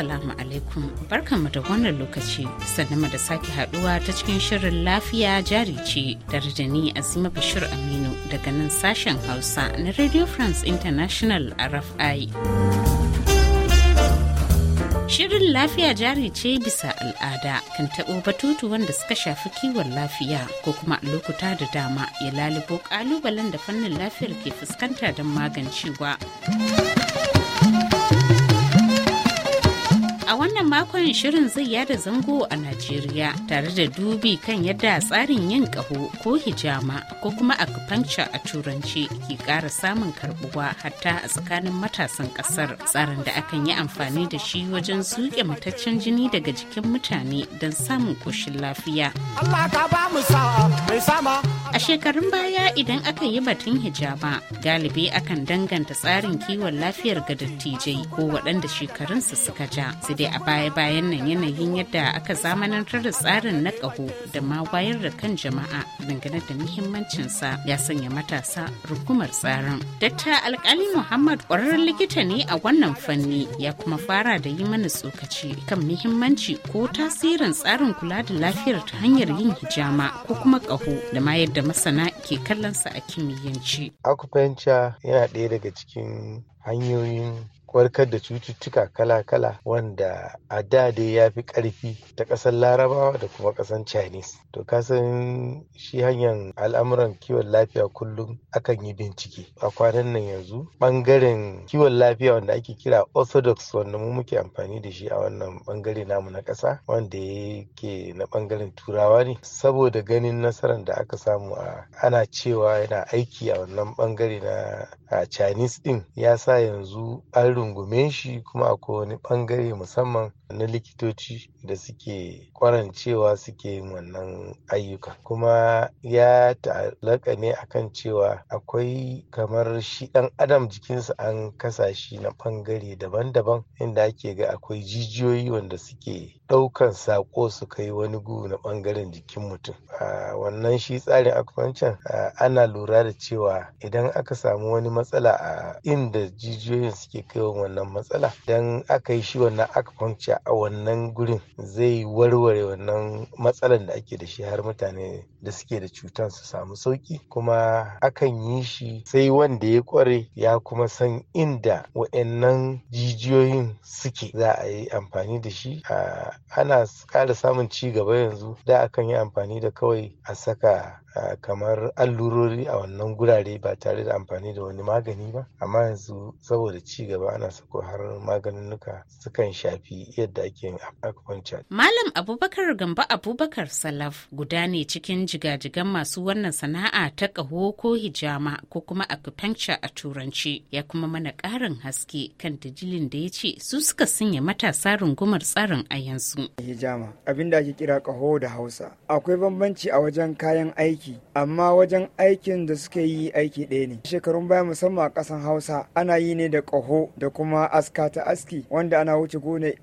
Assalamu alaikum mu da wannan lokaci sannan da sake haduwa ta cikin shirin lafiya jari ce da ni Azima Bashir Aminu daga nan sashen Hausa na Radio France International RFI. Shirin lafiya jari ce bisa al'ada kan taɓo batutu wanda suka shafi kiwon lafiya ko kuma lokuta da dama ya lalubo ƙalubalen da fannin lafiyar ke fuskanta don magancewa. wannan makon shirin zai yada zango a Najeriya tare da dubi kan yadda tsarin yin kaho ko hijama ko kuma acupuncture a turanci ke ƙara samun karbuwa hatta a tsakanin matasan ƙasar tsarin da akan yi amfani da shi wajen zuƙe mataccen jini daga jikin mutane don samun ƙoshin lafiya. A shekarun baya idan aka yi batun hijama galibi akan danganta tsarin kiwon lafiyar ga dattijai ko waɗanda shekarunsu suka ja sai dai a baya-bayan nan yanayin yadda aka zamanantar da tsarin na ƙaho da ma wayar da kan jama'a dangane da muhimmancinsa ya sanya matasa rukumar tsarin. Dakta Alkali Muhammad ƙwararren likita ne a wannan fanni ya kuma fara da yi mana tsokaci kan muhimmanci ko tasirin tsarin kula da lafiyar ta hanyar yin hijama ko kuma ƙaho da ma yadda masana ke kallonsa a kimiyyanci. Akupenca yana ɗaya daga cikin hanyoyin warkar da cututtuka kala-kala wanda a da dai ya fi ƙarfi ta ƙasar larabawa da kuma ƙasar chinese to kasan shi hanyar al'amuran kiwon lafiya kullum akan yi bincike a kwanan nan yanzu ɓangaren kiwon lafiya wanda ake kira orthodox wanda mu muke amfani da shi a wannan ɓangare namu na ƙasa wanda yake na ɓangaren turawa ne saboda ganin nasarar da aka samu a ana cewa yana aiki a wannan ɓangare na chinese din, ya sa yanzu an rungume shi kuma akwai wani ɓangare musamman na likitoci da suke kwarancewa suke yin wannan ayyuka kuma ya ta'allaka ne akan cewa akwai kamar shi ɗan adam jikinsa an kasa shi na bangare daban-daban inda ake ga akwai jijiyoyi wanda suke ɗaukan saƙo su kai wani gu na bangaren jikin mutum a wannan shi tsarin wancan ana lura da cewa idan aka samu wani matsala a inda jijiyoyin suke kai irin wannan matsala dan aka yi shi wannan acupuncture a wannan gurin zai warware wannan matsalan da ake da shi har mutane da suke da cutan su samu sauki kuma akan yi shi sai wanda ya kware ya kuma san inda wa'annan jijiyoyin suke za a yi amfani da shi ana ƙara samun ci gaba yanzu da akan yi amfani da kawai a saka kamar allurori a wannan gurare ba tare da amfani da wani magani ba amma yanzu saboda ci gaba ana sako har maganinnuka sukan shafi yadda ake yin Malam Abubakar Gamba Abubakar Salaf guda ne cikin jigajigan masu wannan sana'a ta ƙaho ko hijama ko kuma acupuncture a turanci ya kuma mana ƙarin haske kan dijilin da ya ce su suka sanya matasa rungumar tsarin a yanzu. Hijama abin da ake kira ƙaho da Hausa. Akwai bambanci a wajen kayan aiki amma wajen aikin da suke yi aiki ɗaya ne. Shekarun baya musamman a ƙasan Hausa ana yi ne da ƙaho da kuma aska ta aski wanda ana wuce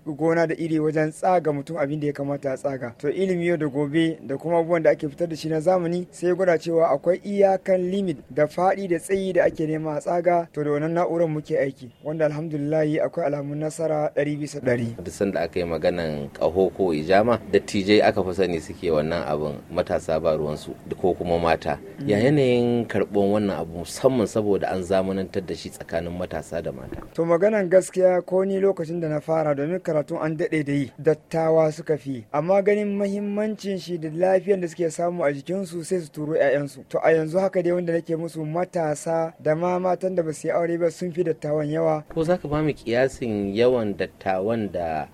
gona da iri wajen tsaga mutum abin da ya kamata a tsaga to ilimi yau da gobe da kuma abubuwan da ake fitar da shi na zamani sai gwada cewa akwai iyakan limit da faɗi da tsayi da ake nema a tsaga to da wannan na'urar muke aiki wanda alhamdulillahi akwai alamun nasara ɗari bisa ɗari. san sanda aka yi maganan kaho ko ijama dattijai aka fi sani suke wannan abin matasa ba ruwansu ko kuma mata ya mm. yanayin karɓon wannan abu musamman saboda an zamanantar da shi tsakanin matasa da mata. to maganan gaskiya ko ni lokacin da na fara domin karatu an daɗe da yi dattawa suka fi amma ganin mahimmancin shi da lafiyar da suke samu a jikinsu sai su turo 'ya'yansu to a yanzu haka dai wanda nake musu matasa da ma matan da ba su yi aure ba sun fi dattawan yawa ko za ka ba kiyasin yawan dattawan da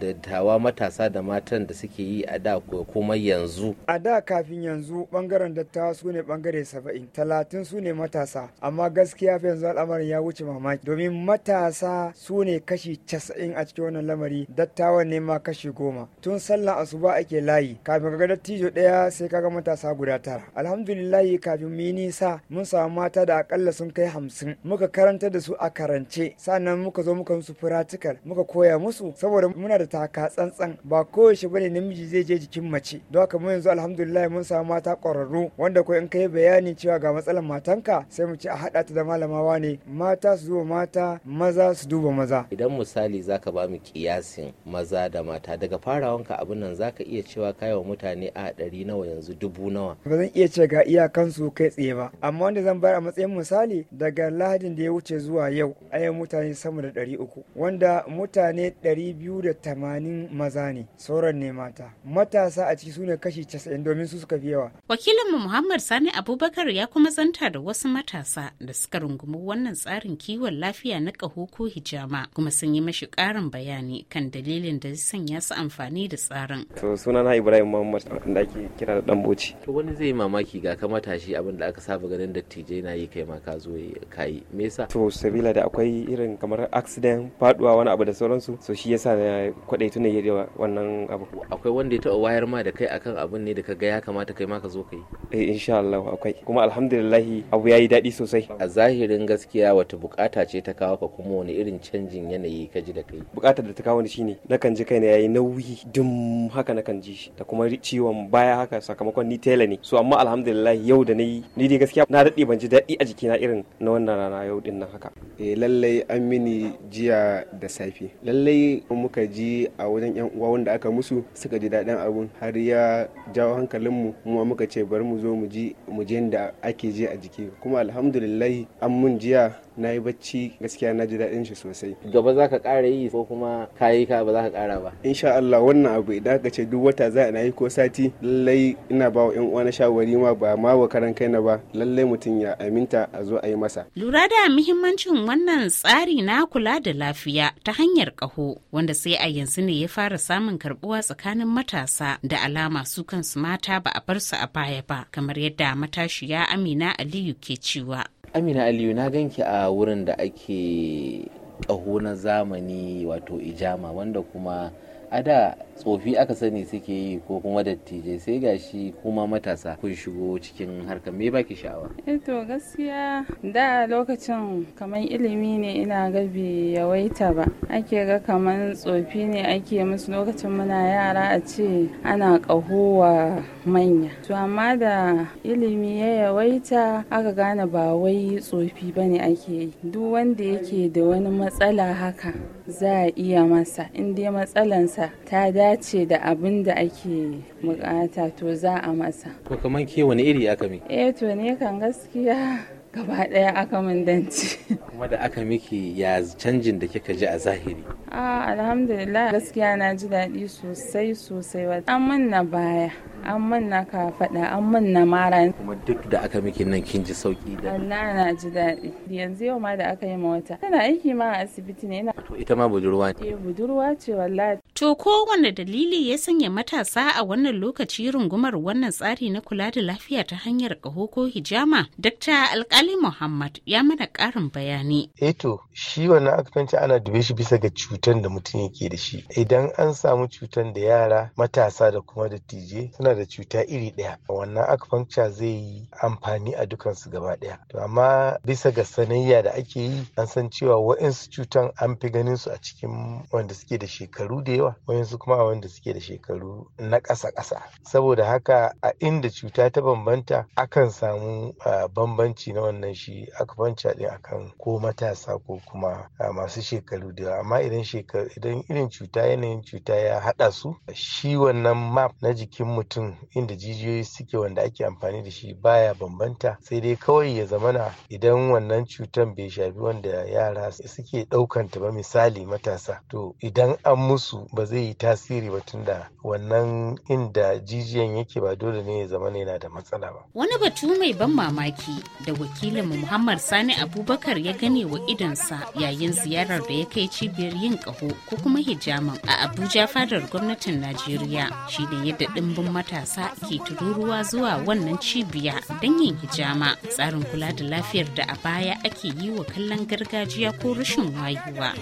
dattawa matasa da matan da suke yi a da kuma yanzu a da kafin yanzu bangaren dattawa su ne bangare saba'in talatin su ne matasa amma gaskiya fa yanzu al'amarin ya wuce mamaki domin matasa su ne kashi casa'in a cikin wannan lamari dattawan ne ma kashi goma tun sallan asuba ake layi kafin ka ga dattijo ɗaya sai ka ga matasa guda tara alhamdulillahi kafin mu yi nisa mun samu mata da akalla sun kai hamsin muka karanta da su a karance sannan muka zo muka musu firatikal muka koya musu saboda muna da taka tsantsan ba koyaushe ne namiji zai je jikin mace don haka mu yanzu alhamdulillah mun samu mata ƙwararru wanda ko in kai bayani cewa ga matsalar matanka sai mu ce a haɗa ta da malamawa ne mata su zo mata maza su duba maza idan misali zaka ba mu kiyasin maza da mata daga farawanka abin nan zaka iya cewa kayawa mutane a ɗari nawa yanzu dubu nawa ba zan iya ce ga iyakansu kai tsaye ba amma wanda zan bayar a matsayin misali daga lahadin da ya wuce zuwa yau ayi mutane sama da ɗari uku wanda mutane ɗari biyu da tamanin maza ne sauran ne mata matasa a ciki su ne kashi casa'in domin su suka fi yawa wakilinmu muhammad sani abubakar ya kuma zanta da wasu matasa da suka rungumi wannan tsarin kiwon lafiya iya niƙa ko hijama kuma sun yi mashi ƙarin bayani kan dalilin da sanya su amfani da tsarin. To sunana Ibrahim Muhammad da ake kira da dan Bauchi. To wani zai mamaki ga ka matashi abin da aka saba ganin dattijai na yi kai ma ka zo ka yi me yasa? To sabila da akwai irin kamar accident faduwa wani abu da sauransu so shi yasa na kwadai tuna yi wannan abu. Akwai wanda ya taɓa wayar ma da kai akan abin ne da ka ga ya kamata kai ma ka zo ka yi. Eh insha Allah akwai kuma alhamdulillah abu ya yi daɗi sosai. A zahirin gaskiya wata bukata ce ta ka kawo ka kuma wani irin canjin yanayi ka ji da kai bukatar da ta kawo ni shine nakan ji kaina yayi nauyi dum haka nakan ji shi da kuma ciwon baya haka sakamakon ni tela ne so amma alhamdulillah yau da nayi ni dai gaskiya na daɗe ban ji daɗi a jikina irin na wannan rana yau din nan haka eh lallai an mini jiya da safe lallai muka ji a wajen yan uwa wanda aka musu suka ji daɗin abun har ya jawo hankalinmu mu muka ce bari mu zo mu ji mu je da ake ji a jiki kuma alhamdulillah an mun jiya na yi bacci gaskiya na ji daɗin shi sosai gaba za ka ƙara yi ko kuma ka yi ka ba za ka ƙara ba insha Allah wannan abu idan aka ce duk wata za a yi ko sati lallai ina ba wa ƴan uwa na shawari ma ba ma wa karan kaina ba lallai mutum ya aminta a zo a yi masa lura da muhimmancin wannan tsari na kula da lafiya ta hanyar kaho wanda sai a yanzu ne ya fara samun karbuwa tsakanin matasa da alama su kansu mata ba a bar su a baya ba kamar yadda matashiya Amina Aliyu ke cewa amina aliyu na ganki a wurin da ake ƙaho na zamani wato ijama wanda kuma a da tsofi aka sani suke yi ko kuma dattijai sai gashi kuma matasa kun shigo cikin harkar me baki sha'awa eh to gaskiya da lokacin kamar ilimi ne ina ga bai yawaita ba ake ga kamar tsofi ne ake musu lokacin muna yara a ce ana ƙahowa manya to amma da ilimi ya yawaita aka gane ba wai tsofi ba ne ake yi duk wanda yake da wani matsala haka za a iya masa inda dai matsalansa ta da dace da abin da ake bukata to za a masa Ko kamar ke wani iri aka mi eh to ne kan gaskiya gaba daya aka min danci kuma da aka miki ya canjin da kika ji a zahiri a alhamdulillah gaskiya na ji daɗi sosai sosai wa an na baya an manna ka kafaɗa, an na mara kuma duk da aka miki nan kin ji sauki da Allah na ji daɗi yanzu yau ma da aka yi ma wata tana aiki ma a asibiti ne to ita ma budurwa ce eh budurwa ce wallahi To ko kowane dalili ya sanya matasa a wannan lokaci rungumar wannan tsari na kula da lafiya ta hanyar ƙaho ko hijama? Dr. Alkali Muhammad ya mana ƙarin bayani. Eto, eh shi wannan akupanci ana dube shi bisa ga cutan da mutum yake da shi. Idan an samu cutan da yara matasa da kuma dattijai suna da cuta iri ɗaya. Wannan akupanca zai yi amfani a dukansu gaba ɗaya. To amma bisa ga sanayya da ake yi an san cewa wa'insu cutan an fi ganin su a cikin wanda suke da shekaru da yawa yawa wayansu kuma a wanda suke da shekaru na ƙasa ƙasa saboda haka a inda cuta ta bambanta akan samu bambanci na wannan shi akupanca din akan ko matasa ko kuma masu shekaru da yawa amma idan shekaru idan irin cuta yanayin cuta ya haɗa su shi wannan map na jikin mutum inda jijiyoyi suke wanda ake amfani da shi baya bambanta sai dai kawai ya zamana idan wannan cutan bai shafi wanda yara suke ɗaukanta ba misali matasa to idan an musu ba zai yi tasiri ba tunda wannan inda jijiyan yake ba dole ne ya zama yana da matsala ba. Wani batu mai ban mamaki da wakilin Muhammad Sani Abubakar ya gane wa idonsa yayin ziyarar da ya kai cibiyar yin ƙaho ko kuma hijaman a Abuja fadar gwamnatin Najeriya shi ne yadda ɗimbin matasa ke tururuwa zuwa wannan cibiya don yin hijama tsarin kula da lafiyar da a baya ake yi wa kallon gargajiya ko rashin wayewa.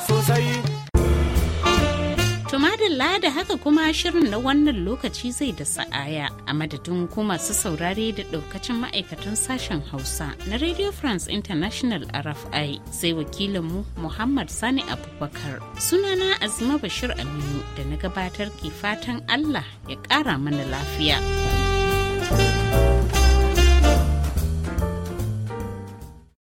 sosai. Tumadilla da haka kuma shirin na wannan lokaci zai da sa'aya a madadin ku masu saurare da ɗaukacin ma'aikatan sashen Hausa na Radio France International RFI sai wakilinmu Muhammad Sani Abubakar. Sunana Azima Bashir Aminu da na gabatar ke fatan Allah ya ƙara mana lafiya. thank you